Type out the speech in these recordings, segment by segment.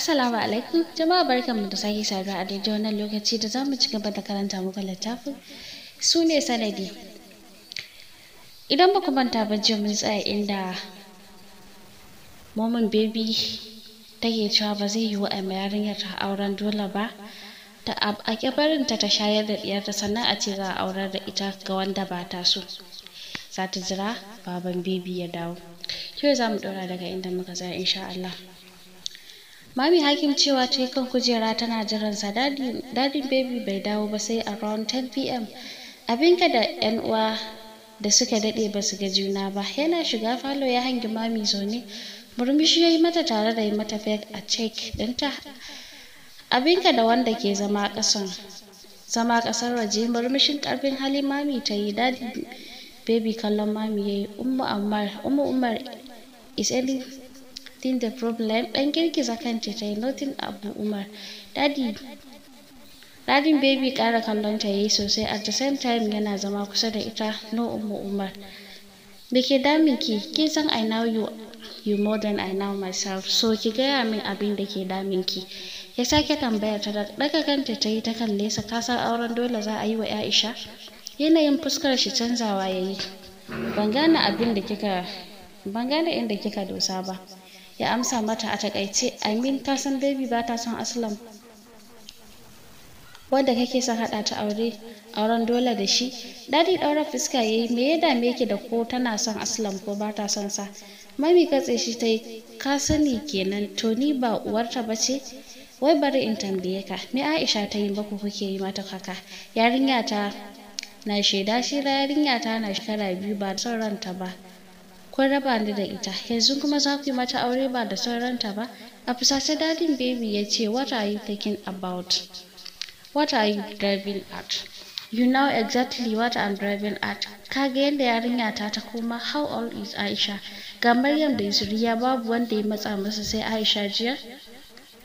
Assalamu alaikum jama'a barkanmu da sake saduwa a daidai wannan lokaci da zamu ci gaba da karanta muku littafin su ne sanadi idan ba ku manta ba jiya mun tsaya inda momin baby ke cewa ba zai yiwu a yarinyar ta auren dole ba ta a barinta ta shayar da diyarta sannan a ce za a aurar da ita ga wanda ba ta so za ta jira baban baby ya dawo yau za mu ɗora daga inda muka tsaya insha Allah Mami Hakim cewa ta yi kan kujera tana jiran sa dadin baby bai dawo ba sai around 10 pm. Abinka da 'yan uwa da suka daɗe ba su ga juna ba yana shiga falo ya hangi mami zaune murmushi ya yi mata tare da yi mata fake a cek ɗinta abinka da wanda ke zama ƙasan zama ƙasar waje murmushin ƙarfin hali mami ta yi dadin baby kallon mami ya yi umma umar is any din the problem ɗan girgiza kanta ta yi nothing abu umar dadi baby ƙara kallon ta yi sosai at the same time yana zama kusa da ita no umu umar da ke damin ki kin san i know you you more than i know myself so ki gaya min abin da ke damin ki ya sake tambaya ta daga kanta ta yi ta kalle sa san auren dole za a yi wa Aisha yanayin fuskar shi canzawa yayi ban gane abin da kika ban gane inda kika dosa ba ya amsa mata a takaice amin ta san baby ba ta son aslam wanda kake son hada ta aure auren dole da shi dadi ɗaurar fuska yayi yi me ya dame yake da ko tana son aslam ko ba ta son sa mami katse shi ta yi ka sani kenan to ni ba uwarta ba ce wai bari in tambaye ka me aisha ta yi baku kuke yi mata haka? yarinya ta na shaida shi yarinya ta na shekara biyu ba son ranta ba kun raba ni da ita yanzu kuma za ku yi mata aure ba da sauranta ba a fusace dadin baby ya ce what are you thinking about what are you driving at you know exactly what I'm driving at kaga yadda yarinya ta ta koma how old is Aisha ga Maryam da Isriya babu wanda ya matsa masa sai Aisha jiya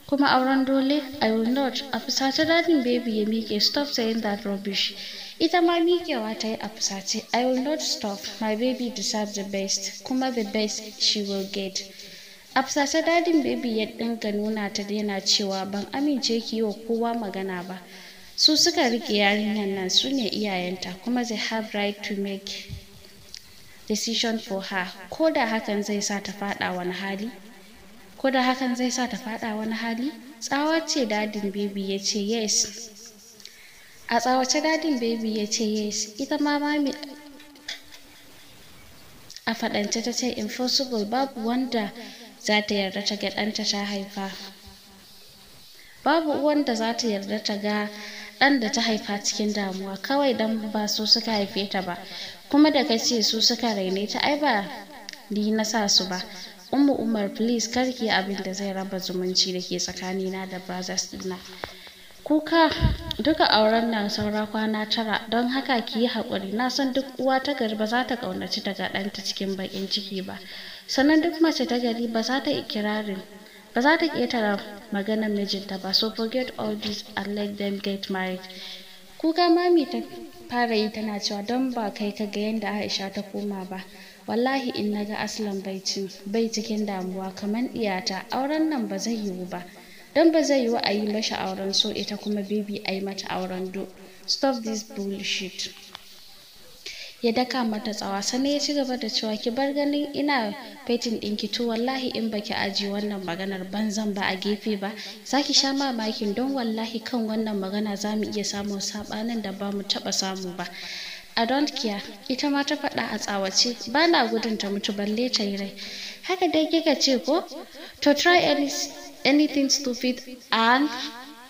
kuma auren dole I will not a fusace dadin baby ya mike stop saying that rubbish ita ma miƙewa ta yi a fusace i will not stop my baby deserves the best kuma the best she will get a fusace dadin baby ya dinga nuna ta yana cewa ban amince ki yi wa kowa magana ba su suka rike yarinyar nan su ne iyayenta kuma they have right to make decision for her ko da hakan zai sa ta fada wani hali ko da hakan zai sa ta fada wani hali tsawa ce dadin baby ya ce yes a tsawace dadin baby ya ce yes ita ma mami a faɗance ta ce impossible babu wanda za ta yarda ta ga ɗanta haifa babu wanda za ta yarda ta ga ɗan da ta haifa cikin damuwa kawai dan ba su suka haife ta ba kuma da kace su suka raine ta ai ba ni na sa su ba ummu umar please karki abin da zai raba zumunci da ke tsakanina da brothers dina kuka duka auren nan saura kwana tara don haka ki yi haƙuri na san duk uwa ta gari ba za ta ƙaunaci daga ɗanta cikin baƙin ciki ba sannan duk mace ta gari ba za ta ikirarin ba za ta ƙetara maganar mijinta ba so forget all this and let them get married kuka mami ta fara yi tana cewa don ba kai ka ga yadda aisha ta koma ba wallahi in na ga aslan bai cikin damuwa kamar iyata auren nan ba zai yiwu ba don ba zai yiwu a mashi auren so ita kuma bibi a yi mata auren do stop this bullshit ya daka mata tsawa sannan ya ci gaba da cewa ki bar ganin ina fetin ɗinki to wallahi in baki aji wannan maganar banzan ba a gefe ba zaki sha mamakin don wallahi kan wannan magana za mu iya samun sabanin da ba mu taba samu ba a don't care ita ma ta faɗa a tsawace ba na gudun ta mutu balle ta yi rai haka dai kika ce ko to try anything anything stupid and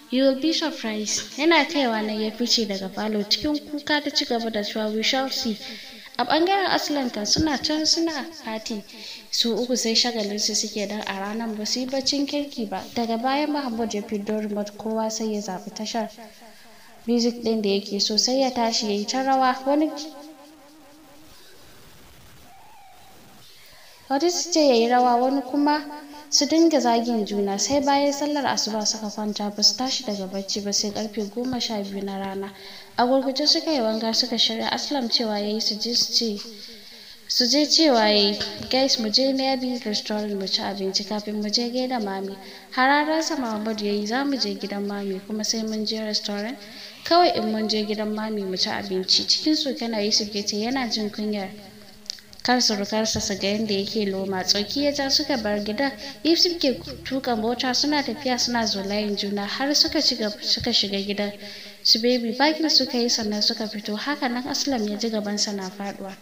you will be surprised yana kaiwa na ya fice daga falo cikin kuka ta ci gaba da cewa we shall see a bangaren aslanta suna can suna fati su uku sai shagalin su suke dan a ranar ba su yi bacin kirki ba daga bayan mahmud ya fito remote kowa sai ya zabi tashar music ɗin da yake so sai ya tashi ya yi ta rawa wani wani su ce ya yi rawa wani kuma su dinga zagin juna sai bayan sallar asuba suka kwanta ba su tashi daga bacci ba sai karfe goma sha biyu na rana a gurguje suka yi wanga suka shirya aslam cewa ya yi su je cewa ya yi guys mu je maybe restaurant mu ci abinci kafin mu je gaida mami harararsa mahmud ya yi za mu je gidan mami kuma sai mun je restaurant kawai in mun je gidan mami mu ci abinci cikin su kana yi ce yana jin kunyar kar surukarsa su ga yadda yake loma tsoki ya ja suka bar gida. if ke tuka mota suna tafiya suna zolayin juna har suka suka shiga gida su baby bakin suka yi sannan suka fito haka nan aslam ya ji gabansa na faduwa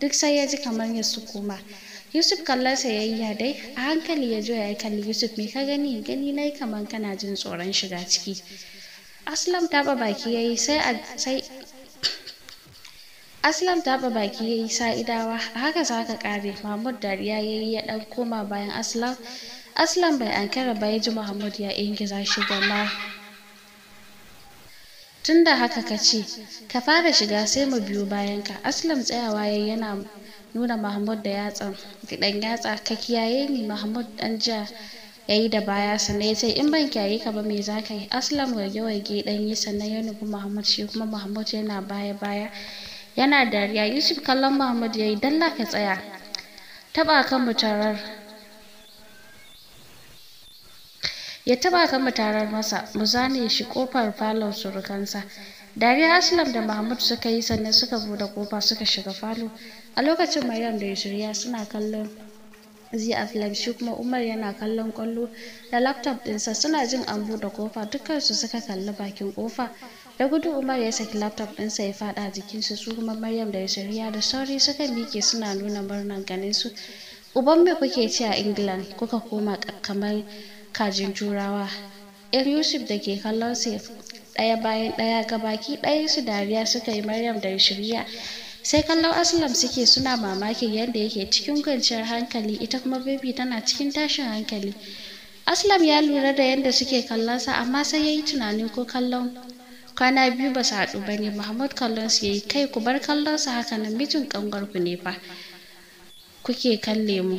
duk sai ya ji kamar ya sukuma yusuf kallon ya yi dai a hankali ya jo ya kalli yusuf me ka gani gani na yi kamar kana jin tsoron shiga ciki aslam taba baki ya yi sai aslam ba baki ya yi sa'idawa haka za ka ƙare mahmud dariya ya yi ya ɗan koma bayan aslam aslam bai ankara ba ya ji mahmud ya ingiza shi tun da haka ka ce ka fara shiga sai mu biyo bayan ka aslam tsayawa ya yana nuna mahmud da yatsan dan yatsa ka kiyaye ni mahmud dan ja ya yi da baya sannan ya ce in ban kiyaye ka ba me za ka yi aslam wage-wage dan yi sannan ya nufi mahmud shi kuma mahmud yana baya-baya yana dariya yusuf kallon muhammad ya yi dalla ka tsaya taba kan mutarar ya taba kan mu tarar masa mu zane shi kofar falon surukansa dariya aslam da mahmud suka yi sannan suka bude kofa suka shiga falo a lokacin maryam da shirya suna kallon zai a kuma umar yana kallon kwallo da laptop dinsa suna jin an bude kofa dukkansu suka kalli bakin kofa da gudu umar ya saki laptop ɗinsa ya faɗa jikinsu su kuma maryam da shari'a da sauri suka miƙe suna nuna murnar ganin su uban me kuke ci a england kuka koma kamar kajin turawa yar yusuf da ke kallon su ɗaya bayan ɗaya gabaki ɗaya su dariya suka yi maryam da shari'a sai kallon aslam suke suna mamakin yadda yake cikin kwanciyar hankali ita kuma baby tana cikin tashin hankali aslam ya lura da yadda suke kallon sa amma sai ya yi tunanin ko kallon kwana biyu ba su haɗu ba ne mahmud kallon su yi kai ku bar kallon haka nan mijin ƙanwar ku ne fa kuke kalle mu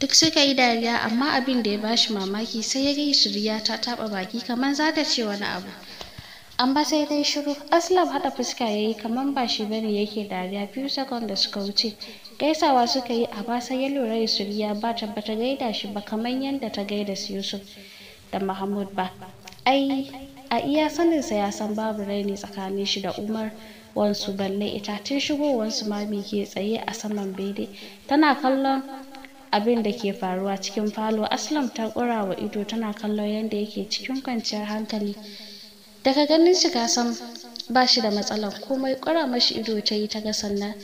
duk suka yi dariya amma abin da ya bashi mamaki sai ya gai shirya ta taɓa baki kamar za ta ce wani abu amma sai dai shiru aslam haɗa fuska ya yi kamar ba shi bane yake dariya biyu sakon da suka wuce gaisawa suka yi a ba sai ya lura da suriya ba tabbata gaida shi ba kamar yadda ta gaida su yusuf da mahmud ba ai a iya saninsa ya san babu raini tsakanin shi da umar wansu balle ita tun shigowarsu mami ke tsaye a saman bene tana kallon abin da ke faruwa cikin falo aslam ta ƙura wa ido tana kallon yadda yake cikin kwanciyar hankali daga ganin shi san ba shi da matsalar komai ƙura mashi ido ta yi ta ga sannan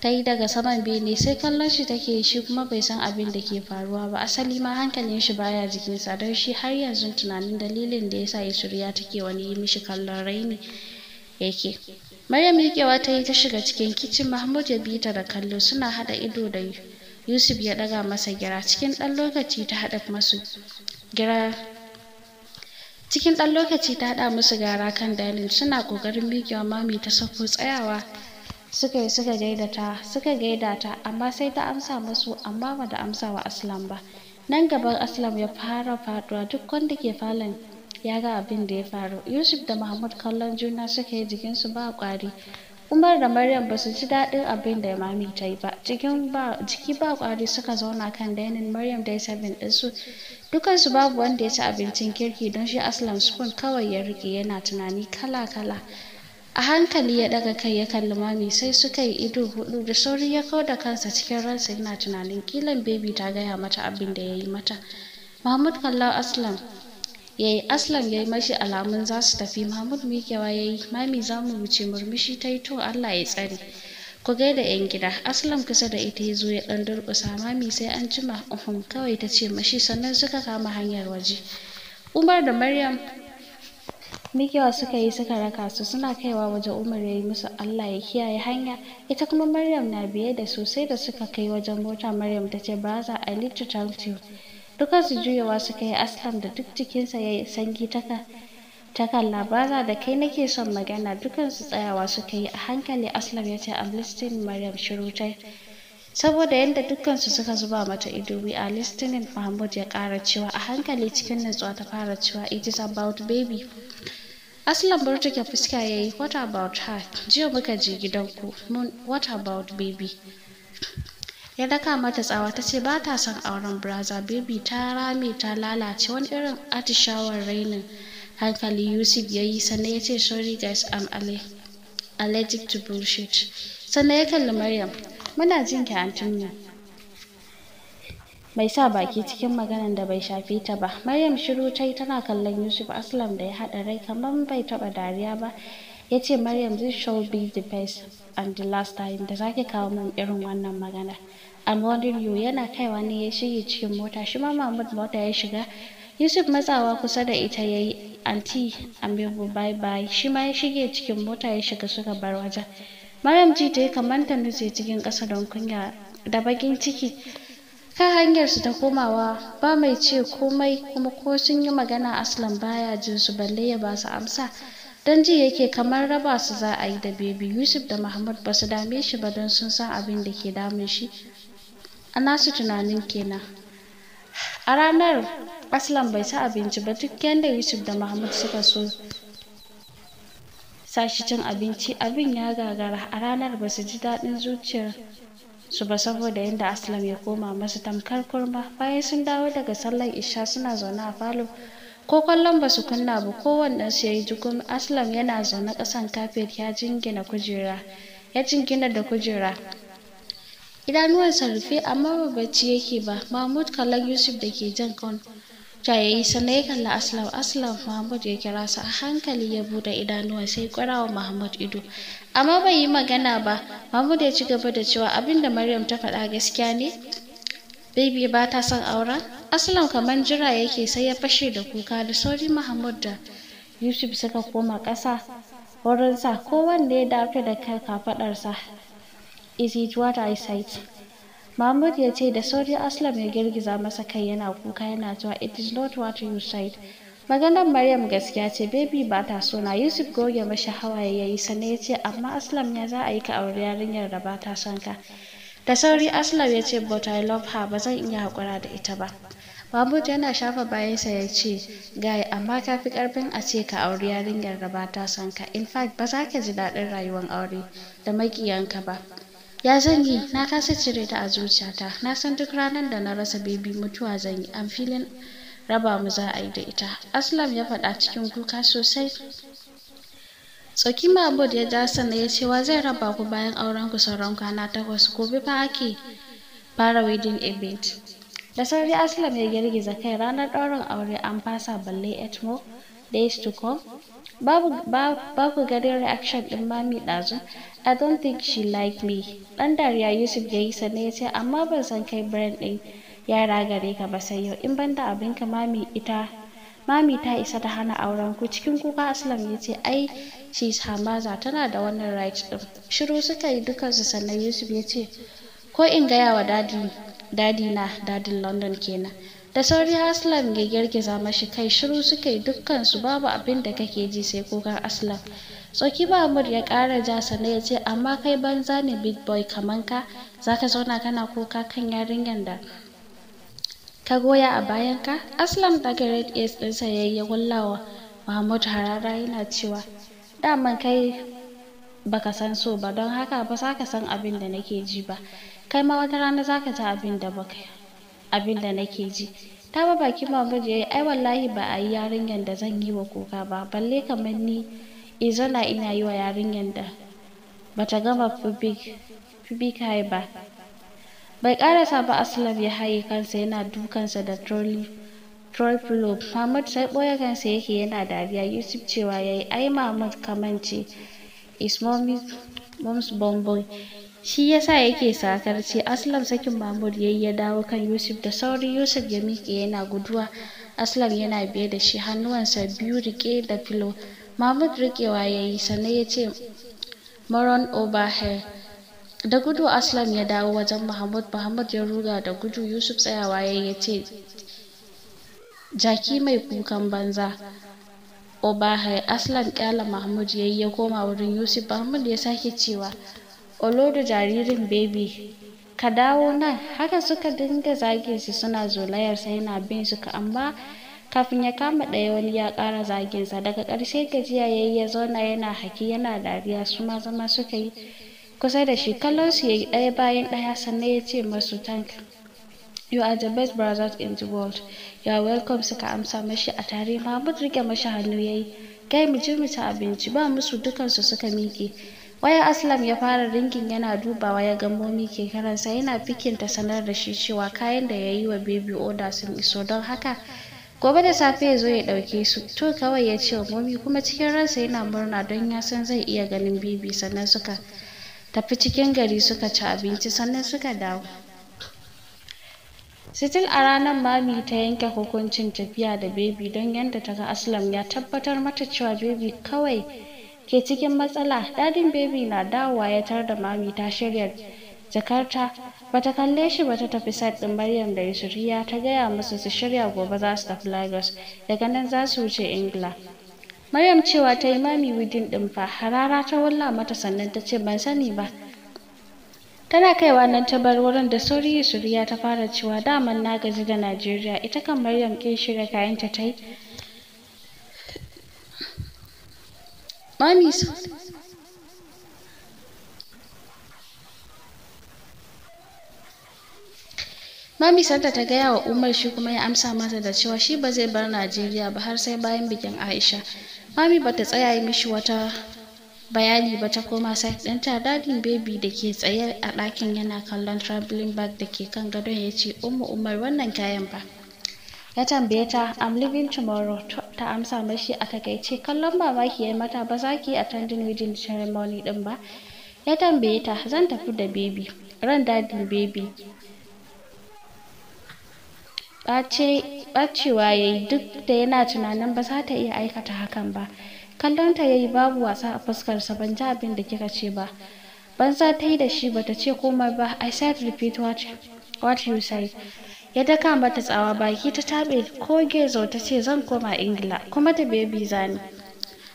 ta yi daga saman bene sai kallon shi take shi kuma bai san abin da ke faruwa ba asali ma hankalin shi baya jikinsa don shi har yanzu tunanin dalilin da ya sa ya shirya take wani yi mishi kallon raini yake maryam miƙewa ta yi ta shiga cikin kicin mahmud ya bi ta da kallo suna haɗa ido da yusuf ya ɗaga masa gira cikin ɗan lokaci ta haɗa masu gira cikin dan lokaci ta hada musu gara kan dalin suna ƙoƙarin miƙewa mami ta sako tsayawa suka yi suka gaida ta suka gaida ta amma sai ta amsa musu amma ba da amsa wa aslam ba nan gaban aslam ya fara faduwa duk wanda ke falon ya ga abin da ya faru yusuf da mahmud kallon juna suka yi jikinsu ba kwari umar da maryam ba su ji daɗin abin da mami ta yi ba jiki ba kwari suka zauna kan dainin maryam da sabin ɗinsu dukansu babu wanda ya ci abincin kirki don shi aslam spoon kawai ya rike yana tunani kala kala a hankali ya daga kai ya kalli mami sai suka yi ido hudu da sauri ya kau da kansa cikin ransa yana tunanin kilan baby ta gaya mata abin da ya yi mata mahmud kallon aslam ya yi aslam ya yi mashi alamun za su tafi mahmud mikewa ya yi mami za mu wuce murmushi ta yi to allah ya tsare ku da yan gida aslam kusa da ita ya zo ya dan durkusa mami sai an jima uhun kawai ta ce mashi sannan suka kama hanyar waje umar da maryam migewa suka yi suka raka su suna kaiwa wajen umar ya yi musu allah ya kiyaye hanya ita kuma maryam na biye da sosai da suka kai wajen mota maryam ta ce ba za a to su juyawa suka yi aslam da duk jikinsa ya yi sanyi ta kalla za da kai nake son magana dukan su tsayawa suka yi a hankali aslam ya ce i'm listening maryam shiru ta saboda yadda dukkansu suka zuba mata ido we are listening mahmud ya kara cewa a hankali cikin natsuwa ta fara cewa it is about baby aslan ke fuska ya yi what about her jiya muka je gidanku mun what about baby ya daka mata tsawa ta ce ba ta son auren braza baby ta rame ta lalace wani irin atishawar rainin hankali yusuf ya yi sannan ya ce sorry guys i'm allergic to bullshit sannan ya kalli maryam muna jin ki bai sa baki cikin maganan da bai shafe ta ba maryam shiru ta yi tana kallon yusuf aslam da ya haɗa rai kamar bai taɓa dariya ba ya ce maryam zai shall be the best and the last time da zaki kawo min irin wannan magana i'm warning you yana kaiwa ne ya shige cikin mota shi ma mahmud mota ya shiga yusuf matsawa kusa da ita ya yi anti amigo bye bye shi ma ya shige cikin mota ya shiga suka bar wajen maryam ji ta yi kamar ta nutse cikin ƙasa don kunya da bakin ciki kan su ta komawa ba mai ce komai kuma ko sun yi magana aslan baya jin su balle ya ba su amsa don ji yake kamar raba su za a yi da bebi yusuf da mahmud ba su dame shi ba don sun san abin da ke damun shi a nasu tunanin kenan a ranar aslan bai ci abinci ba duk yadda yusuf da mahmud suka so sashi cin abinci abin ya gagara a ranar ba su ji daɗin zuciyar Su ba saboda yadda aslam ya koma masu tamkar kurma bayan sun dawo daga sallar isha suna zaune a falo ko kwallon ba su kunna ba kowannen su yi jikun aslam yana zaune kasan kafet ya jingina kujera ya jingina da kujera idanuwansa rufe amma ba bacci yake ba mahmud kallon yusuf da ke jan kan jayayi sannan ya kalla aslam aslam mahmud ya kira sa a hankali ya bude idanuwa sai kwarawa mahmud ido amma bai yi magana ba mahmud ya ci gaba da cewa abin da maryam ta faɗa gaskiya ne baby ba ta son auren aslam kamar jira yake sai ya fashe da kuka da sauri mahmud da yusuf suka koma ƙasa wurinsa kowanne ya dafe da kai kafaɗarsa is it what i said mahmud ya ce da sauri aslam ya girgiza masa kai yana kuka yana cewa it is not what you said maganar maryam gaskiya ce baby ba ta so yusuf goge mashi hawaye ya yi sannan ya ce amma aslam ya za a yi ka aure yarinyar da ba ta son ka da sauri aslam ya ce but i love her ba zan iya haƙura da ita ba Mahmud yana shafa bayansa ya ce, Gai, amma ka fi ƙarfin a ce ka aure yarinyar da ba ta son ka. In fact, ba za ka ji daɗin rayuwar aure da maƙiyanka ba. Ya zan yi, na kasa cire ta a zuciyata. Na san duk ranar da na rasa baby mutuwa zan yi. I'm feeling raba mu za a yi da ita aslam ya faɗa cikin kuka sosai tsoki mabud ya ja sannan ya cewa zai raba ku bayan auren ku sauran kwana takwas gobe fa ake fara wedding event da sauri aslam ya girgiza kai ranar ɗaurin aure an fasa balle etmo days to come babu babu ganin reaction din mami ɗazu i don't think she like me ɗan dariya yusuf ya yi sannan ya ce amma ban san kai brand ɗin yara gare ka ba sai yau in banda ka mami ita mami ta isa ta hana auren ku cikin kuka aslam ya ce ai shi hamaza tana da wannan right din shiru suka yi su sannan yusuf ya ce ko in gaya wa dadi dadi na dadin london kenan da sauri aslam ya girgiza mashi kai shiru suka yi dukkansu babu abin da kake ji sai kuka aslam tsoki mur ya kara ja sannan ya ce amma kai banza ne big boy kaman ka zaka zauna kana kuka kan yarinyar da ta goya a bayan ka aslam daga red ears ɗinsa ya yi wallawa mahmud harara yana cewa daman kai baka san so ba don haka ba za ka san abin da nake ji ba kai ma wata rana za ka ta abin da baka abin nake ji ta ba baki mahmud ya yi ai wallahi ba a yi yarinyar da zan yi wa kuka ba balle kamar ni izana eh, ina yi wa yarinyar da bata gama fibikai ba bai karasa ba aslam ya haye kansa yana dukansa da trolley troy pillow mahmud sai boye kansa yake yana dariya yusuf cewa yayi ai mahmud kamance is mom's bomboy shi yasa yake ce aslam sakin mahmud yayi ya dawo kan yusuf da sauri yusuf ya miƙe yana guduwa aslam yana biye da shi hannuwansa biyu rike da filo mahmud rikewa yayi sannan ya ce maron over here da gudu aslam ya dawo wajen muhammad muhammad ya ruga da gudu yusuf tsayawa ya ya ce jaki mai kukan banza obahai aslam kyala mahmud ya yi ya koma wurin yusuf mahmud ya sake cewa olodo jaririn baby ka dawo nan haka suka dinga zage su suna zolayar sai na bin su amma kafin ya kama ɗaya wani ya ƙara zaginsa daga ƙarshe gajiya ya yi ya zauna yana haki yana dariya su ma zama suka yi kusa da shi kallon su yayi ɗaya bayan ɗaya sannan ya ce masu tank you are the best brothers in the world you are welcome suka amsa mashi a tare mahmud rike mashi hannu yayi kai mu je mu ci abinci ba musu dukansu suka miƙe waya aslam ya fara ringin yana dubawa ya ga momi ke karansa yana fikin ta sanar da shi cewa kayan da ya yi wa baby order sun iso don haka gobe da safe ya zo ya ɗauke su to kawai ya ce wa momi kuma cikin ransa yana murna don ya san zai iya ganin bibi sannan suka tafi cikin gari suka ci abinci sannan suka dawo sitil a ranar mami ta yanke hukuncin tafiya da bebi don yadda ta ga aslam ya tabbatar mata cewa bebi kawai ke cikin matsala dadin bebi na dawowa ya tar da mami ta shirya jakarta bata kalle shi ba ta tafi sat ɗin maryam da yusriya ta gaya musu su shirya gobe za su tafi lagos daga nan za su wuce ingila Maryam cewa ta yi mami widin ɗin fa harara ta walla mata sannan ta ce ban sani ba. Tana kaiwa nan ta bar wurin da sauri Suriya ta fara cewa daman na gaji da Najeriya ita kan Maryam ƙin shirya kayanta ta yi. Mami Mami sanda ta gaya wa Umar shi kuma ya amsa mata da cewa shi ba zai bar Najeriya ba har sai bayan bikin Aisha. Mami bata tsaya yi mishi wata bayani ba ta koma sai ɗanta dadin baby da ke tsaye a ɗakin yana kallon traveling bag da ke kan gadon ya ce umma umar wannan kayan ba ya tambaye ta i'm leaving tomorrow ta amsa mashi a takaice kallon mamaki ya mata ba za ki attending wedding ceremony ɗin ba ya tambaye ta zan tafi da baby ran dadin baby ɓacewa ya yi duk da yana tunanin ba za ta iya aikata hakan ba kallonta ya yi babu wasa a fuskarsa ban ji abin da kika ce ba ban za ta yi da shi ba ta ce komai ba i said repeat what, what you said ya daka mata tsawa baki ta tabe ko gezo ta ce zan koma ingila kuma ta bebi zani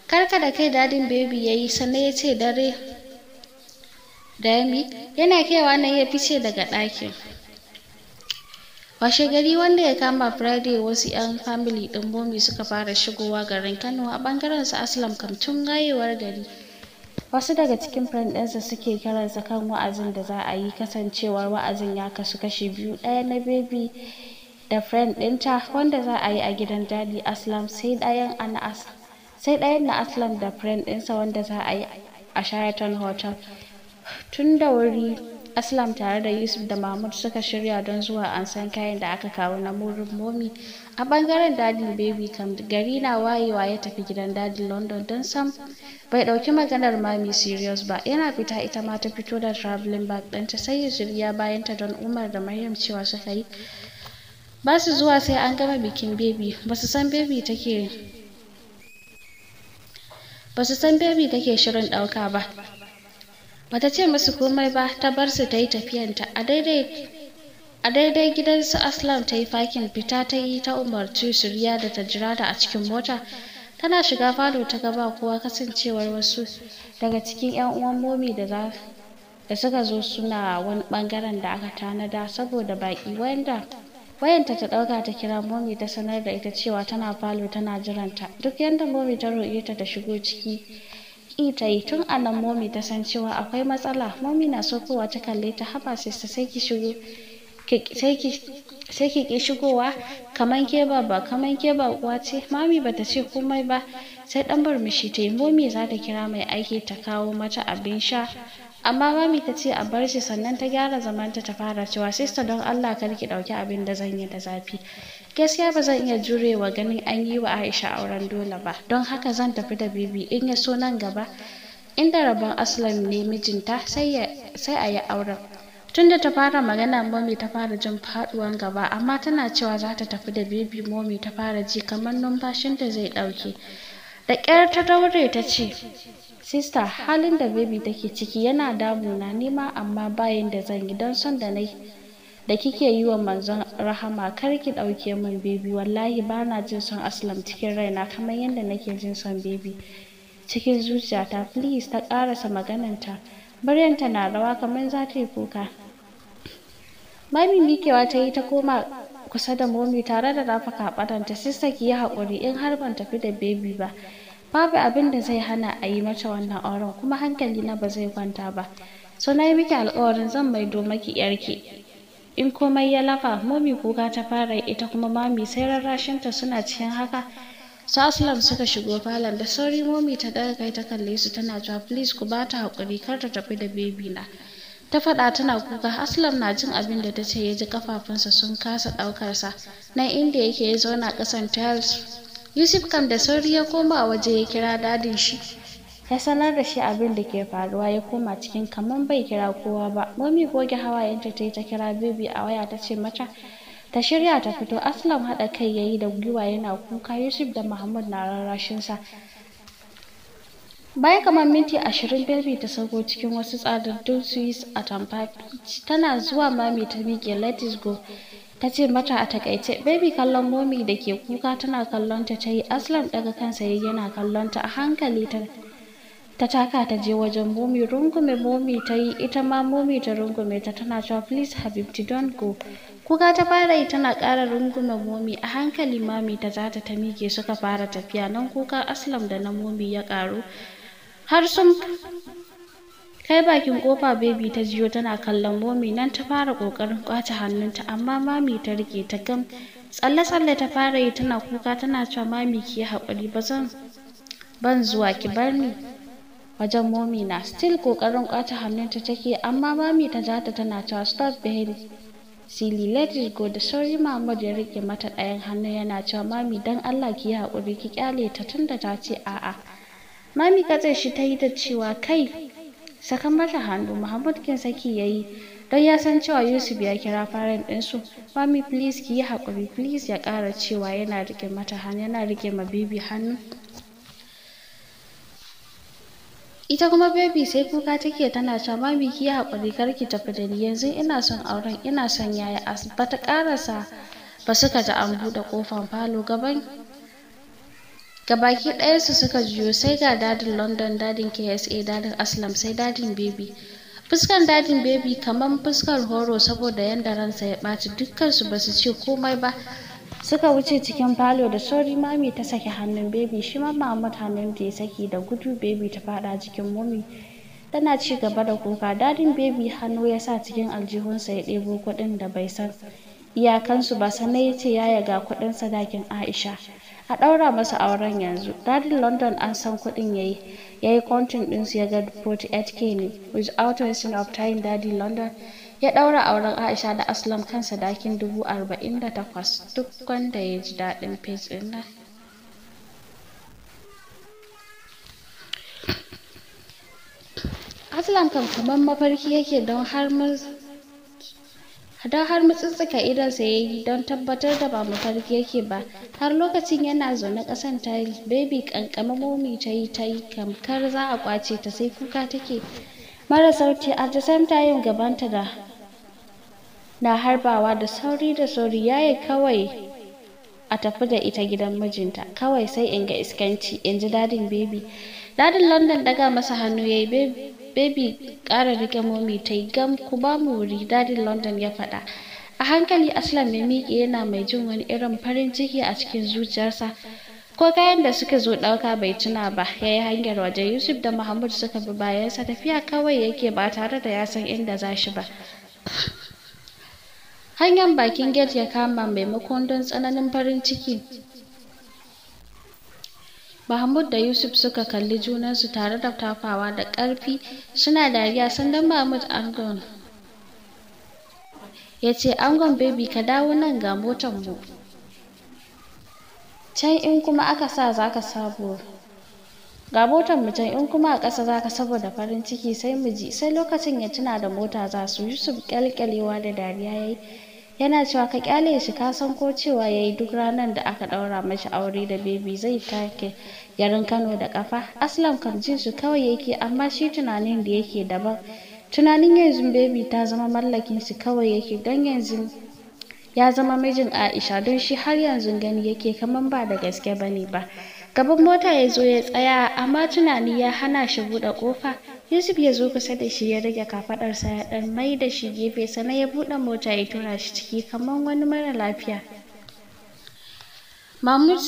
karka da kai dadin bebi ya yi sannan ya ce dare da yana kaiwa nan ya fice daga ɗakin washe gari wanda ya kama friday wasu 'yan famili ɗin bomi suka fara shigowa garin kano a ɓangaren su aslam kamtun gayewar gari wasu daga cikin ɗinsa suke kiransa kan wa'azin da za a yi kasancewar wa'azin ya kasu kashi biyu ɗaya na baby da friend ɗinta wanda za a yi a gidan dadi aslam sai ɗayan sai ɗayan na aslam da friend ɗinsa wanda za a yi a sheraton hotel tun da wuri Aslam tare da Yusuf da Mahmud suka shirya don zuwa an san kayan da aka kawo na murin momi. A bangaren dadin baby kam gari na wayewa ya tafi gidan dadin London don sam bai dauki maganar mami serious ba yana fita ita ma ta fito da traveling bag ɗinta sai ya shirya bayan ta don Umar da Maryam cewa suka yi. Ba su zuwa sai an gama bikin baby ba su san baby take ba su san baby take shirin dauka ba bata ce musu komai ba ta bar su ta yi tafiyanta a daidai a gidan su aslam ta yi fakin fita ta yi ta umarci riya da ta jira ta a cikin mota tana shiga falo ta gaba kowa kasancewar wasu daga cikin yan uwan momi da suka zo suna wani bangaren da aka tanada saboda baki wanda wayanta ta dauka ta kira momi ta sanar da ita cewa tana falo tana jiranta duk yadda momi ta roƙe ta ta shigo ciki itai tun a momi ta san cewa akwai matsala momi na so kowa ta kalle ta haba ta sai ki shigo sai ki ki shigowa kaman ke ba kaman ke ba uwa ce mami bata ce komai ba sai dan burmishi ta yi momi za ta kira mai aiki ta kawo mata abin sha amma mami ta ce a bar shi sannan ta gyara zamanta ta fara cewa sista don allah kar ki dauki abin da zan yi da zafi gaskiya ba zan iya jurewa ganin an yi wa aisha auren dole ba don haka zan tafi da bibi in ya so nan gaba inda rabon aslam ne mijinta sai a yi auren tun da ta fara magana momi ta fara jin faduwan gaba amma tana cewa za ta tafi da bibi momi ta fara ji kamar numfashin da zai dauke da ƙyar ta daure ta ce sista halin da baby take ciki yana damuna nima amma bayan da zan yi don son da nai da kike yi wa manzon rahama kar ki ɗauke min bebi wallahi bana jin son aslam cikin raina kamar yadda nake jin son bebi cikin zuciyata please ta ƙarasa magananta baryanta na rawa kamar za ta yi kuka mami mikewa ta yi ta koma kusa da momi tare da rafa kafaɗanta sista ki yi haƙuri in har ban tafi da bebi ba babu abin da zai hana a yi mata wannan auren kuma hankali na ba zai kwanta ba so na yi miki alƙawarin zan maido maki yarki in komai ya lafa momi kuka ta fara yi ita kuma mami sai rarrashinta suna cikin haka su aslam suka shigo falon da sauri momi ta daga kai ta kalle su tana cewa please ku bata hakuri kar ta tafi da bebi na ta faɗa tana kuka aslam na jin abin da ta ce ya ji kafafunsa sun kasa ɗaukarsa nan inda yake ya zauna ƙasan tiles yusuf kam da sauri ya koma a waje ya kira dadin shi ya sanar da shi abin da ke faruwa ya koma cikin kamar bai kira kowa ba mami goge hawayenta ta yi ta kira bibi a waya ta ce mata ta shirya ta fito aslam haɗa kai ya yi da gwiwa yana kuka yusuf da muhammad na rarrashinsa baya kamar minti ashirin baby ta sauko cikin wasu tsadaddun swiss a tampa tana zuwa mami ta miƙe let go ta ce mata a takaice baby kallon momi da ke kuka tana kallon ta ta yi aslam daga kansa yana kallon ta a hankali ta ta taka ta je wajen momi rungume momi ta yi ita ma momi ta rungume ta tana cewa please habibti don go kuka ta fara yi tana kara rungume momi a hankali mami ta zata ta mike suka fara tafiya nan kuka aslam da na momi ya karu. har sun kai bakin kofa baby ta jiyo tana kallon momi nan ta fara kokarin ƙwace hannunta amma mami ta rike ta gam tsalle-tsalle ta fara yi tana kuka tana cewa mami ki haƙuri ba ban zuwa ki bar ni wajen momi na still kokarin kwace hannunta take amma mami ta zata tana cewa stop behave Sili let it go da sauri Mahmud ya rike mata ɗayan hannu yana cewa mami dan Allah ki yi haƙuri ki kyale ta tunda ta ce a'a. Mami ka shi ta yi ta cewa kai saka mata hannu Mahmud kin saki yayi don ya san cewa Yusuf ya kira faran su Mami please ki yi haƙuri please ya kara cewa yana rike mata hannu yana rike ma bibi hannu. ita kuma baby sai kuka take tana cewa mami ki yi haƙuri kar ki tafi da ni yanzu ina son auren ina son yaya as ba ta ba suka ji an buɗe ƙofan falo gaban gabaki ɗaya su suka juyo sai ga dadin london dadin ksa dadin aslam sai dadin baby fuskan dadin baby kamar fuskar horo saboda yanda ransa ya ɓaci dukkansu ba su ce komai ba suka wuce cikin falo da sauri mami ta saki hannun baby shi ma Muhammad hannun da ya saki da gudu baby ta fada cikin mummy tana ci gaba da kuka dadin baby hannu ya sa cikin aljihunsa ya ɗebo kuɗin da bai san iyakansu ba sana ya ce ya yaga kuɗin sadakin Aisha a ɗaura masa auren yanzu dadin London an san kuɗin ya yi counting ɗinsu ya ga 48k ne without wasting of time dadin London ya ɗaura auren Aisha da Aslam kan sadakin dubu arba'in da takwas duk wanda ya ji daɗin page ɗin nan. Aslam kan kamar mafarki yake don har don har mutsutsuka idonsa ya yi don tabbatar da ba mafarki yake ba har lokacin yana zaune ƙasan tiles baby kankama momi ta yi ta yi kamkar za a kwace ta sai kuka take mara sauti at the same time gabanta da na harbawa da sauri da sauri yayi kawai a tafi da ita gidan mijinta kawai sai in ga iskanci in ji dadin baby dadin london daga masa hannu yayi baby kara rike momi ta yi gam ku ba mu wuri dadin london ya faɗa a hankali aslam mai miƙe yana mai jin wani irin farin ciki a cikin zuciyarsa ko kayan da suka zo ɗauka bai tuna ba ya yi hanyar waje yusuf da mahmud suka bi bayansa tafiya kawai yake ba tare da ya san inda za shi ba hanyar bakin gate ya kama maimakon don tsananin farin ciki Mahmud da Yusuf suka kalli junansu tare da tafawa da ƙarfi suna dariya sandan Mahmud Angon ya ce Angon baby ka dawo nan ga motar mu can in kuma aka sa za ka sabo ga motar mu can in kuma a ƙasa za ka saboda farin ciki sai mu ji sai lokacin ya tuna da mota za su Yusuf ƙyalƙyalewa da dariya ya yi yana cewa ka kyale shi ka san ko cewa ya yi duk ranar da aka ɗaura mashi aure da bebi zai take garin kano da kafa aslam kan jin shi kawai yake amma shi tunanin da yake daban tunanin yanzu bebi ta zama mallakin shi kawai yake don yanzu ya zama mijin aisha don shi har yanzu gani yake kaman ba da gaske bane ba gaban mota ya zo ya tsaya amma tunani ya hana shi buɗe kofa yusuf ya zo kusa da shi ya rage kafadarsa ya ɗan mai da shi gefe sannan ya buɗe mota ya tura shi ciki kamar wani mara lafiya mahmud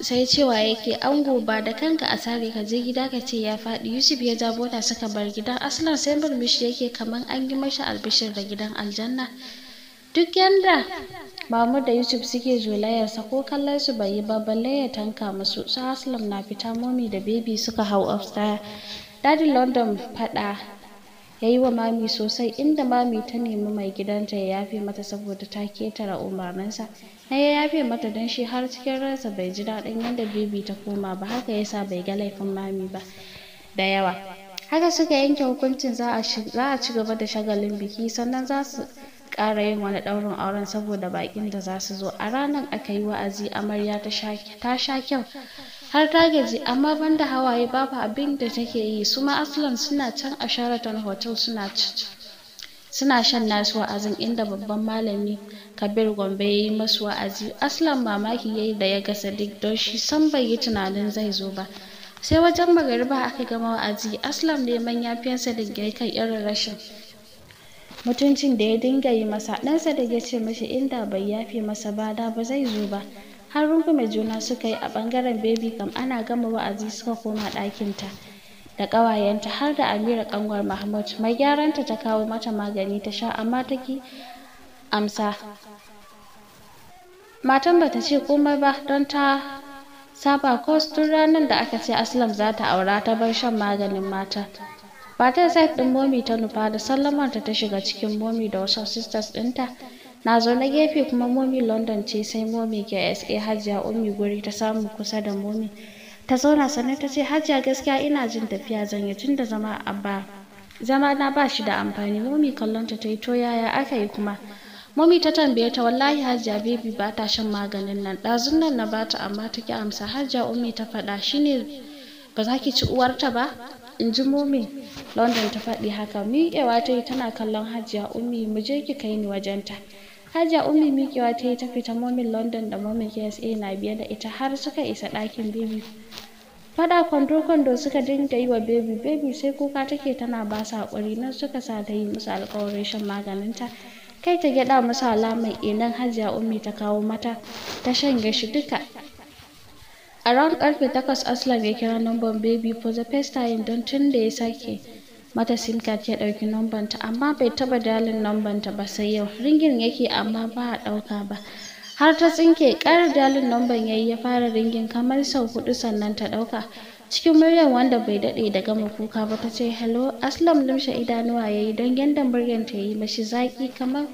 sai cewa yake ango ba da kanka a sare ka je gida ka ce ya faɗi yusuf ya ja bota suka bar gidan aslan sai murmushi yake kamar an yi masa albishir da gidan aljanna duk yanda Mahmud da Yusuf suke zolayarsa ko kallon su bai yi ba balle ya tanka musu su Aslam na fita momi da bebi suka hau upstairs dadin london faɗa ya yi wa mami sosai inda mami ta nemi mai gidanta ya yafe mata saboda ta ketara umarninsa na ya yafe mata don shi har cikin ransa bai ji daɗin yadda bibi ta koma ba haka yasa bai ga laifin mami ba da yawa haka suka yanke hukuncin za a ci gaba da shagalin biki sannan za su ƙara yin wani ɗaurin auren saboda baƙin da za su zo a ranar aka yi wa'azi amarya ta sha kyau har ta gaji amma banda hawaye babu abin da take yi su ma aslan suna can a sharaton hotel suna suna shan nasu wa'azin inda babban malami kabir gombe ya yi masu wa'azi aslan mamaki ya yi da ya gasa duk don shi san bai yi tunanin zai zo ba sai wajen magariba aka gama wa'azi aslam neman yafiyar da ya kan irin rashin mutuncin da ya dinga yi masa ɗansa da ya ce mashi inda bai yafe masa ba da ba zai zo ba har rungume juna suka yi a ɓangaren baby kam ana gama wa'azi suka koma ɗakinta da ƙawayenta har da amira ƙanwar mahmud mai gyaranta ta kawo mata magani ta sha amma ta ki amsa matan bata ce komai ba don ta saba kos tun ranar da aka ce aslam za ta aura ta bar shan maganin mata ba ta ɗin momi ta nufa da sallamarta ta shiga cikin momi da wasu sisters ɗinta na zo na gefe kuma momi london ce sai momi ke sa hajiya ummi guri ta samu kusa da momi ta zauna sannan ta ce hajiya gaskiya ina jin tafiya zan yi tun da zama ba zama na ba shi da amfani momi kallon ta ta yi to yaya aka yi kuma momi ta tambaye ta wallahi Hajiya Bibi ba ta shan maganin nan. Ɗazun nan na bata amma ta ki amsa. Hajiya Ummi ta faɗa shine ba za ki ci uwarta ba? In ji momi London ta faɗi haka. Miƙewa ta yi tana kallon Hajiya Ummi mu je ki kai ni wajenta. Hajiya Ummi miƙewa ta yi ta fita momin London da momin KSA na biye da ita har suka isa ɗakin Baby. Faɗa kwando-kwando suka dinga yi wa Baby, Baby sai kuka take tana ba su haƙuri nan suka sa ta yi musu alƙawarin shan ta Kai ta gyaɗa musu alamar idan eh, Hajiya Ummi ta kawo mata ta shanye shi duka. A ran ƙarfe takwas Aslam ya kira numban Baby for the first time don tun da ya sake. mata sim card ya ɗauki numbanta amma bai taɓa dalin numbanta ba sai yau ringin yake amma ba a ɗauka ba har ta tsinke ƙara dalin numban yayi ya fara ringin kamar sau huɗu sannan ta ɗauka cikin muryar wanda bai daɗe da gama kuka ba ta ce hello aslam lumshe idanuwa ya yi don yadda muryar ta yi mashi zaƙi kamar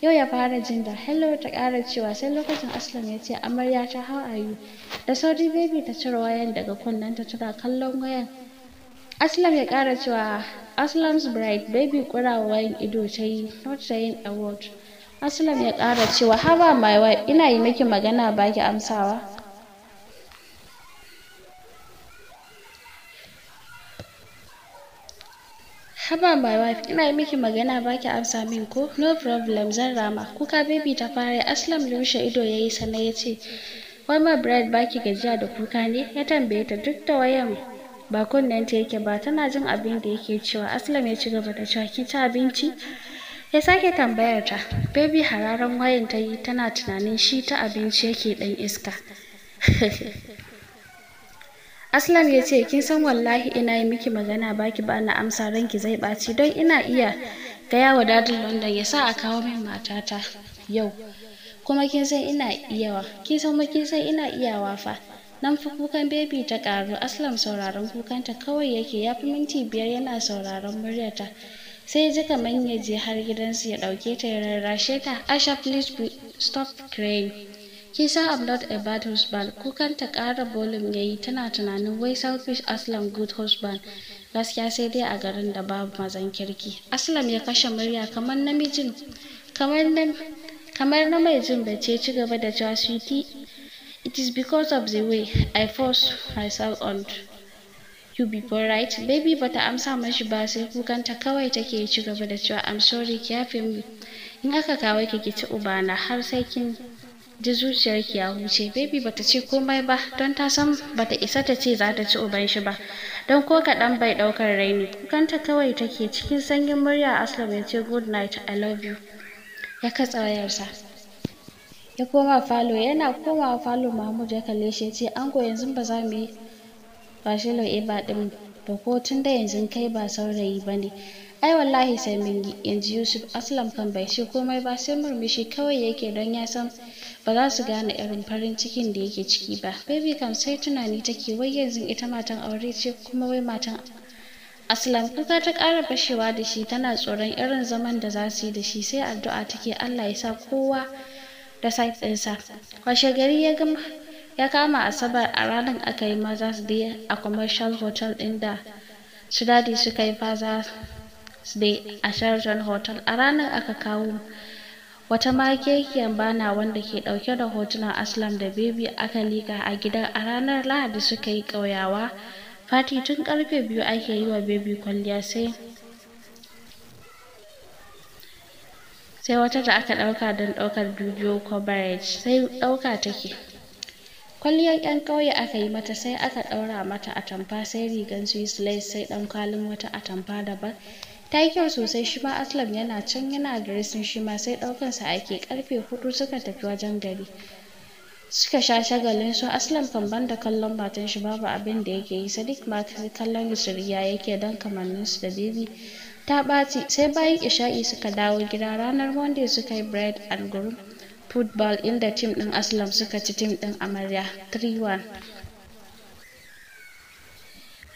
yau ya fara jin da hello ta ƙara cewa sai lokacin aslam ya ce amarya ta how are da sauri baby ta cire wayan daga kunnen ta tana kallon wayan Aslam ya ƙara cewa Aslam's Bride Baby ƙurawayen ido ta yi not saying a Aslam ya ƙara cewa haba my wife ina yi miki magana baki amsawa. haba my wife ina yi miki magana baki amsa min ko no problem zan rama kuka baby ta fara aslam rushe ido yayi sannan ya ce wai my bride baki gajiya da kuka ne ya tambaye ta duk da wayan ba kunnen ta yake ba tana jin abin da yake cewa aslam ya ci gaba da cewa "Ki ci abinci ya sake tambayar ta baby hararan wayan ta yi tana tunanin shi ta abinci yake dan iska aslam ya ce kin san wallahi ina yi miki magana baki ba na amsa ranki zai baci don ina iya gaya wa dadin london ya sa a kawo min matata yau kuma kin san ina iyawa kin san kin san ina iyawa fa nan fi kukan bebi ta karu aslam sauraron kukanta kawai yake ya fi minti biyar yana sauraron muryarta sai ji kamar ya je har gidansu ya dauke ta ya rarrashe ta asha please stop crying ki sa i'm not a bad husband kukanta kara bolum yayi tana tunanin wai selfish aslam good husband gaskiya sai dai a garin da babu mazan kirki aslam ya kashe murya kamar namijin kamar na mai jin bacci ci gaba da cewa It is because of the way I force myself on you before right baby bata amsa mashi ba sai kukanta kawai take ci gaba da cewa I'm sorry ki in aka kawo ki ki ci ubana har sai kin ji zuciyarki ya huce baby bata ce komai ba don ta san bata isa ta ce za ta ci uban shi ba don ko kaɗan bai ɗaukar raini kukanta kawai take cikin sanyin murya aslam ya ce good night i love you ya katsa wayarsa ya koma falo yana komawa falo mahmud ya kalle shi ya ce ango yanzu ba za mu yi bashilo eba din ba ko tun da yanzu kai ba saurayi ba ne ai wallahi sai mun yi yanzu yusuf aslam kan bai ce komai ba sai murmushi kawai yake don ya san ba za su gane irin farin cikin da yake ciki ba baby kam sai tunani take wai yanzu ita matan aure ce kuma wai matan aslam kuka ta ƙara fashewa da shi tana tsoron irin zaman da za su yi da shi sai addu'a take allah ya sa kowa da site ɗinsa washe gari ya gama ya kama asabar a ranar aka yi su day a commercial hotel ɗin da su dadi suka yi faza day a sheraton hotel a ranar aka kawo wata makekiyar bana wanda ke ɗauke da hotunan aslam da baby aka liga a gidan a ranar lahadi suka yi ƙauyawa fati tun karfe biyu ake yi wa baby kwalliya sai sai wata da aka ɗauka don ɗaukar bidiyo coverage sai ɗauka take kwalliyar 'yan ƙauye aka yi mata sai aka ɗaura mata atamfa sai rigan swiss sai ɗan kwalin wata atamfa daban ta yi kyau sosai shi ma aslam yana can yana dressing shi ma sai ɗaukansa ake karfe huɗu suka tafi wajen gari suka sha shagalin su aslam kan da kallon matan shi babu abin da yake yi sadiq ma kallon surya yake don su da bibi ta ɓaci sai bayan isha'i suka dawo gida ranar monday suka yi bread and groom football inda tim ɗin aslam suka ci tim ɗin amarya 3-1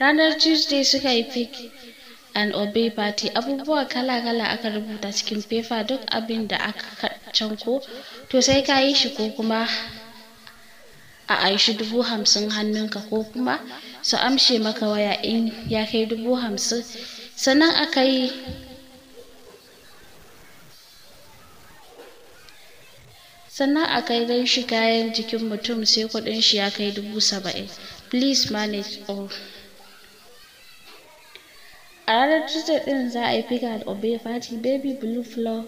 ranar tuesday suka yi pick and obey party abubuwa kala-kala aka rubuta cikin fefa duk abin da aka canko to sai ka yi shi ko kuma a aishi dubu hamsin hannunka ko kuma su amshe maka waya in ya kai dubu hamsin sannan aka yi sannan aka kai don shi kayan jikin mutum sai kudin shi ya kai dubu saba'in please manage all a ranar tuesday din za a yi fika da obe fati baby blue flow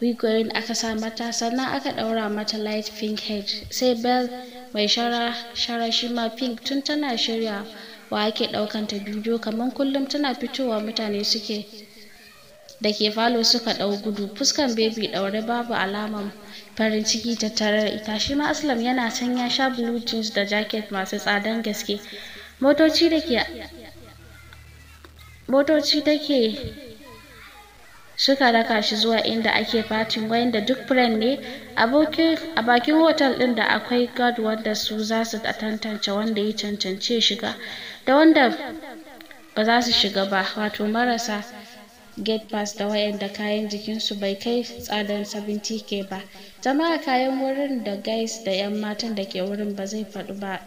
wigoyin aka sa mata sannan aka daura mata light pink head sai bell mai shara shara shi ma pink tun tana shirya wa ake ɗaukan ta bidiyo kamar kullum tana fitowa mutane suke da ke falo suka ɗau gudu fuskan baby ɗaure babu alaman farin ciki tare da ita shi ma aslam yana can ya sha blue jeans da jacket masu tsadan gaske motoci da motoci da ke suka raka shi zuwa inda ake fatin wayanda duk firen ne a bakin hotel din da akwai guard wanda su za tantance wanda ya cancance shiga da wanda ba za shiga ba wato marasa gate pass da wayanda kayan jikin su bai kai tsadar 70k ba jama'a kayan wurin da guys da 'yan matan da ke wurin ba zai faɗu ba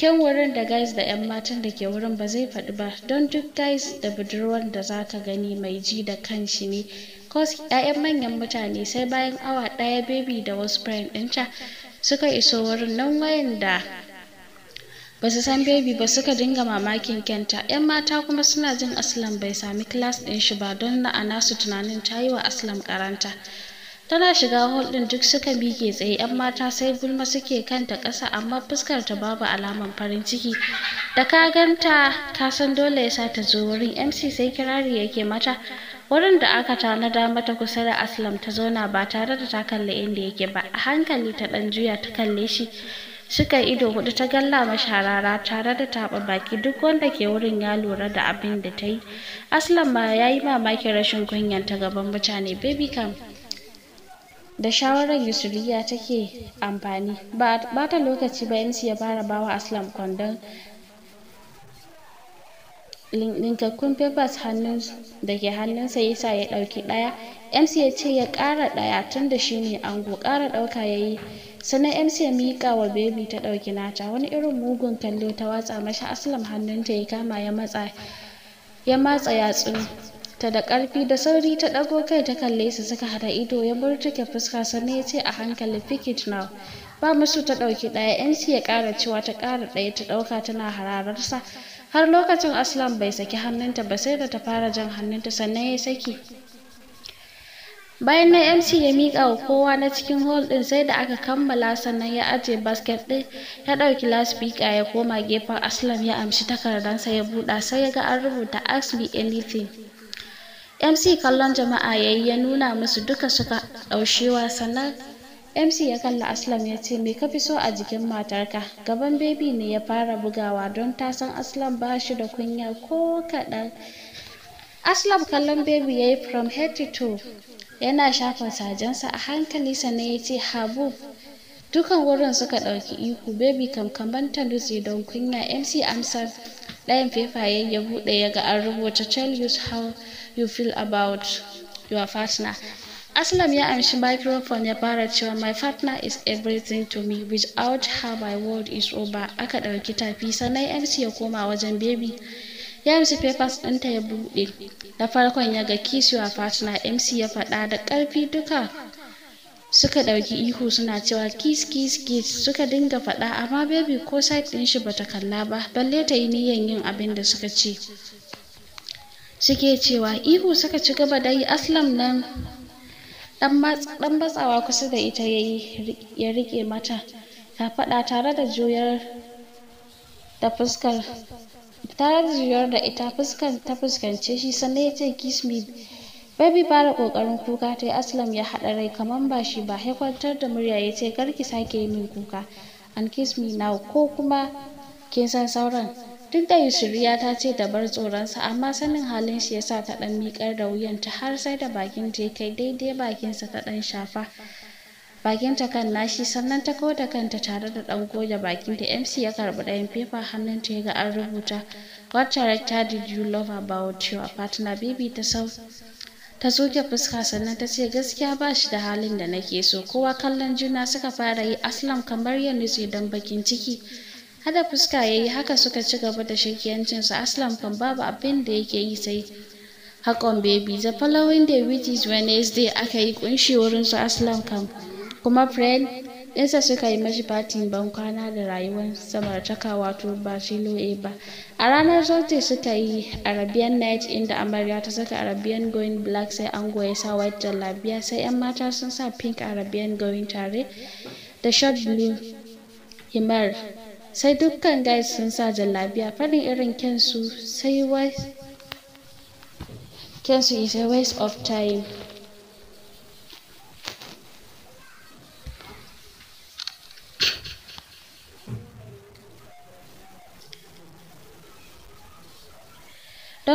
kyan wurin da guys da 'yan matan da ke wurin ba zai faɗi ba don duk guys da budurwar da za ka gani mai ji da kan shi ne cos 'ya'yan manyan mutane sai bayan awa ɗaya baby da wasu friend ɗinta suka iso wurin nan wayan da ba su san baby ba suka dinga mamakin kyanta 'yan mata kuma suna jin aslam bai sami class ɗin shi ba don na'ana su tunanin ta yi wa aslam karanta tana shiga hall din duk suka mike tsaye yan mata sai gulma suke kanta ƙasa amma fuskar ta babu alaman farin ciki da ka ganta ka san dole ya sa ta zo wurin mc sai kirari yake mata wurin da aka tanada mata kusa da aslam ta zauna ba tare da ta kalle inda yake ba a hankali ta ɗan juya ta kalle shi suka ido hudu ta galla masharara tare da taɓa baki duk wanda ke wurin ya lura da abin da ta yi aslam ma ya yi mamakin rashin kunyan ta gaban mutane baby camp. da shawarar yusuriya take amfani ba ta lokaci ba yanci ya fara bawa aslam kwandon linkakkun papers hannun da ke hannunsa yasa ya dauki daya mc ya ce ya kara daya tun da shi ne ango kara dauka ya yi sannan mc ya miƙa wa baby ta ɗauki nata wani irin mugun kallo ta watsa mashi aslam hannunta ya kama ya matsa ya matsa yatsun ta da ƙarfi da sauri ta ɗago kai ta kalle su suka hada ido ya murtuke fuska sannan ya ce a hankali pikit now ba musu ta ɗauki ɗaya yanci ya ƙara cewa ta ƙara ɗaya ta ɗauka tana hararsa har lokacin aslam bai saki hannunta ba sai da ta fara jan hannunta sannan ya saki bayan na mc ya miƙa wa kowa na cikin hall ɗin sai da aka kammala sannan ya ajiye basket ɗin ya ɗauki laspika ya koma gefen aslam ya amshi takardansa ya buɗa sai ya ga an rubuta ask me anything MC kallon jama'a yayi ya nuna musu duka suka ɗaushewa sannan MC ya kalla Aslam ya ce me kafi so a jikin matarka gaban baby ne ya fara bugawa don ta san Aslam ba shi da kunya ko kaɗan. Aslam kallon baby ya yi from head to toe yana shafa sajensa a hankali sannan ya ce habu dukan wurin suka ɗauki iko baby kam kaman ta dutse don kunya MC amsar ɗayan fefayen ya buɗe ya ga an rubuta tell you how you feel about your partner Aslam ya amshi microphone ya fara cewa my partner is everything to me without her my world is over aka ɗauki tafi sannan MC ya koma wajen baby ya amshi papers ɗinta ya buɗe na farkon ya ga kiss your partner MC ya faɗa da ƙarfi duka suka ɗauki ihu suna cewa kis kis kis suka dinga faɗa amma baby ko site ɗin shi bata kalla ba balle ta yi niyan yin abin da suka ce suke cewa ihu suka ci gaba da yi aslam nan ɗan batsawa kusa da ita ya rike mata ta faɗa tare da juyar da fuskar ta juyar da ita fuskar ta fuskance shi sannan ya ce kiss me Baby fara kokarin kuka ta yi Aslam ya haɗa rai kamar ba shi ba ya kwantar da murya ya ce kar ki sake yi min kuka and kiss me now ko kuma kin san sauran duk da Yusuriya ta ce da bar tsoronsa amma sanin halin shi sa ta ɗan miƙar da wuyanta har sai da bakin ta kai daidai bakinsa ta ɗan shafa bakinta kan nashi sannan ta da kanta tare da ɗan goge bakinta MC ya karɓi ɗayan fefa hannunta ya ga an rubuta what character did you love about your partner baby ta sau ta soke fuska sannan ta ce gaskiya ba shi da halin da nake so kowa kallon juna suka fara yi aslam kamar ya nutse don bakin ciki hada fuska ya yi haka suka ci gaba da su aslam kan babu abin da yake yi sai hakon baby the following day which is wednesday aka yi kunshi wurin su aslam kan kuma friend nesa suka yi mashi fatin bankwana da rayuwar samartaka wato ba filoe ba a ranar sunday suka yi arabian night inda amarya ta saka arabian going black sai ango ya sa white jallabiya sai yan mata sun sa pink arabian going tare da short blue himar sai dukkan guys sun sa jallabiya faɗin irin kyansu sai west of time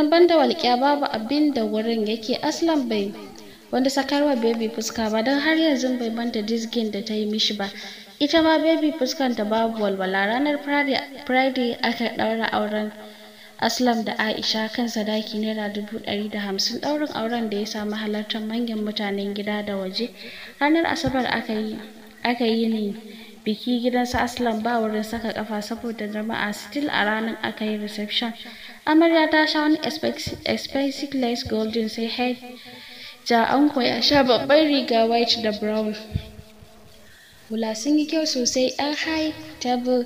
don da walƙiya babu abin da wurin yake aslam bai wanda sakarwa baby fuska ba don har yanzu bai manta disgin da ta yi mishi ba ita ma baby fuskan da babu walwala ranar friday aka ɗaura auren aslam da aisha kan sadaki naira dubu ɗari da hamsin ɗaurin auren da ya samu halartar manyan mutanen gida da waje ranar asabar aka yi aka yi ne biki gidansa aslam ba wurin saka kafa saboda jama'a still a ranar aka yi reception amarya ta sha wani expensive golden sai head ja an ya sha babban riga white da brown hula sun yi kyau sosai yan high table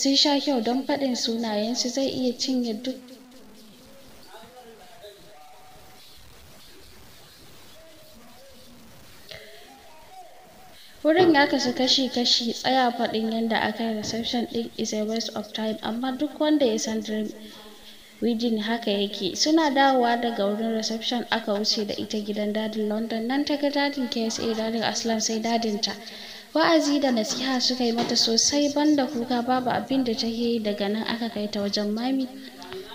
sun sha kyau don faɗin sunayensu zai iya cinye duk Wurin ya kasu kashi-kashi tsaya faɗin yadda aka yi reception ɗin is a waste of time amma duk wanda ya san dream Widin haka yake suna dawowa daga wurin reception aka wuce da ita gidan dadin London nan ta ga dadin KSA dadin Aslam sai dadin ta Wa'azi da nasiha suka yi mata sosai banda kuka babu abin da take yi daga nan aka kai ta wajen mami.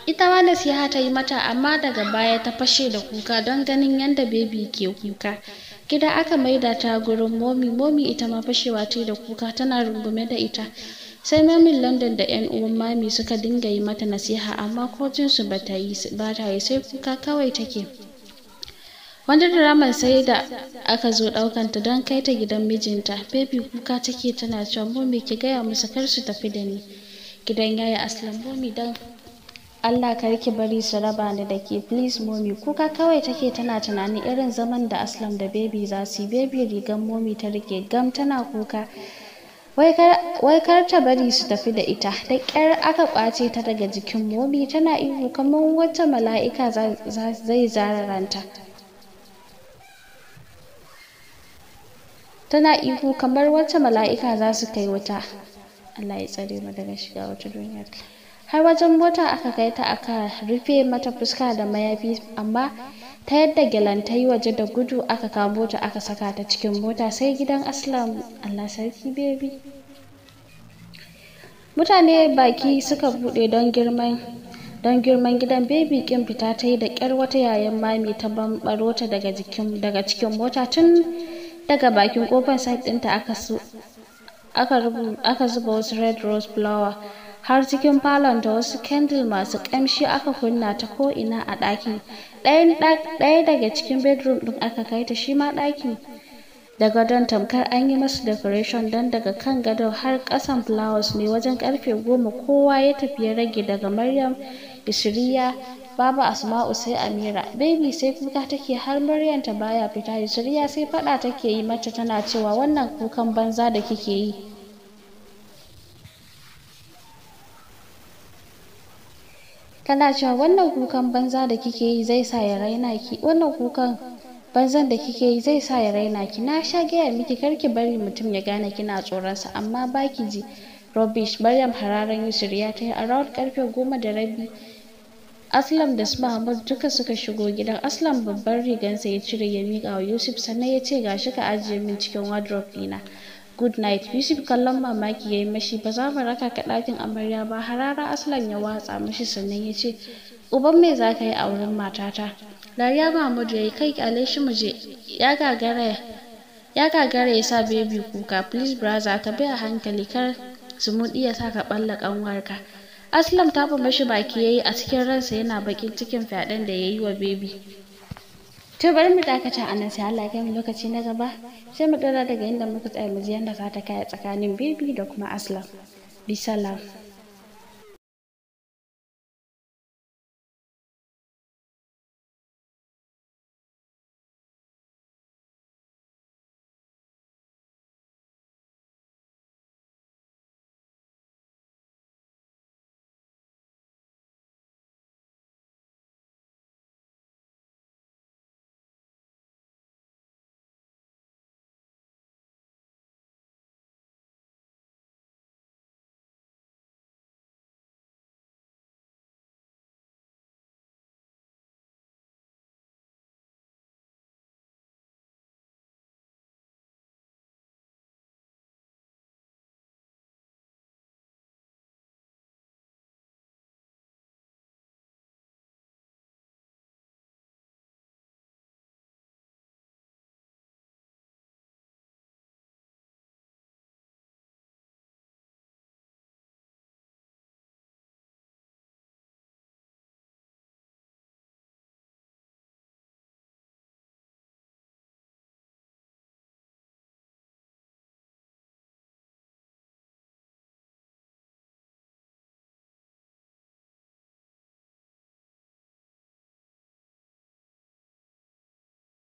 Ita ma nasiha ta yi mata amma daga baya ta fashe da kuka don ganin yadda baby ke kuka. Gida aka maida ta gurin momi momi ita ma fashewa ta da kuka tana rungume da ita. sai mamin london da yan uwan mami suka dinga yi mata nasiha amma ko ba ta yi sai kuka kawai take wani diramar sai da aka zo daukanta don kai ta gidan mijinta baby kuka take tana cewa momi ki gaya musu kar su tafi da ni gidan yaya aslan momi don Allah karki bari su raba ni da ke please momi kuka kawai take tana tunanin irin zaman da aslam da baby za su yi baby rigan momi ta rike gam tana kuka wai kar ta bari su tafi da ita da ƙyar aka ƙwace ta daga jikin momi tana ihu kamar wata mala'ika zai zararanta tana ihu kamar wata mala'ika za su kai wuta Allah ya tsare mu daga shiga wata duniya har wajen mota aka kai ta aka rufe mata fuska da mayafi amma ta yadda gyalan ta yi waje da gudu aka kamo ta aka saka ta cikin mota sai gidan aslam allah sarki bebi mutane baki suka bude don girman don girman gidan bebi kin fita ta yi da kyar wata yayan mami ta bambaro ta daga jikin daga cikin mota tun daga bakin kofar site ɗinta aka su aka zuba wasu red rose flower har cikin falon da wasu candle masu kamshi aka kunna ta ko'ina a ɗakin ɗaya daga cikin bedroom ɗin aka kai ta shi ma ɗaki. da gadon tamkar an yi masu decoration don daga kan gado har ƙasan flowers ne wajen karfe goma kowa ya tafi ya rage daga maryam isriya baba asma'u sai amira baby sai kuka take har maryam ta baya fita isriya sai faɗa take yi mata tana cewa wannan kukan banza da kike yi kana cewa wannan kukan banza da kike yi zai sa ya raina ki wannan kukan banzan da kike yi zai sa ya raina ki na sha gaya miki kar ki bari mutum ya gane kina tsoronsa amma baki ji rubbish maryam hararan yusuf ya ta a rawar karfe goma da rabi aslam da su mahamud duka suka shigo gidan aslam babban rigansa ya cire ya miƙa wa yusuf sannan ya ce gashi ka ajiye min cikin wardrobe dina. good night yusuf kallon mamaki ya yi mashi ba za mu raka ka ɗakin amarya ba harara aslan ya watsa mashi sannan ya ce uban me za ka yi a wurin matata dariya da ya yi kai kyale shi muje ya gagara ya gagara ya sa bebi kuka please brother ka bi a hankali kar su zumuɗi ya sa ka balla ɓalla ka. aslam ta mashi baki ya yi a cikin ransa yana bakin cikin fyaɗen da ya yi wa bebi to bari mu dakata a nan sai Allah ya mu lokaci na gaba sai mu dora daga inda muka tsaya mu ji yanda za ta kaya tsakanin baby da kuma aslam bisalam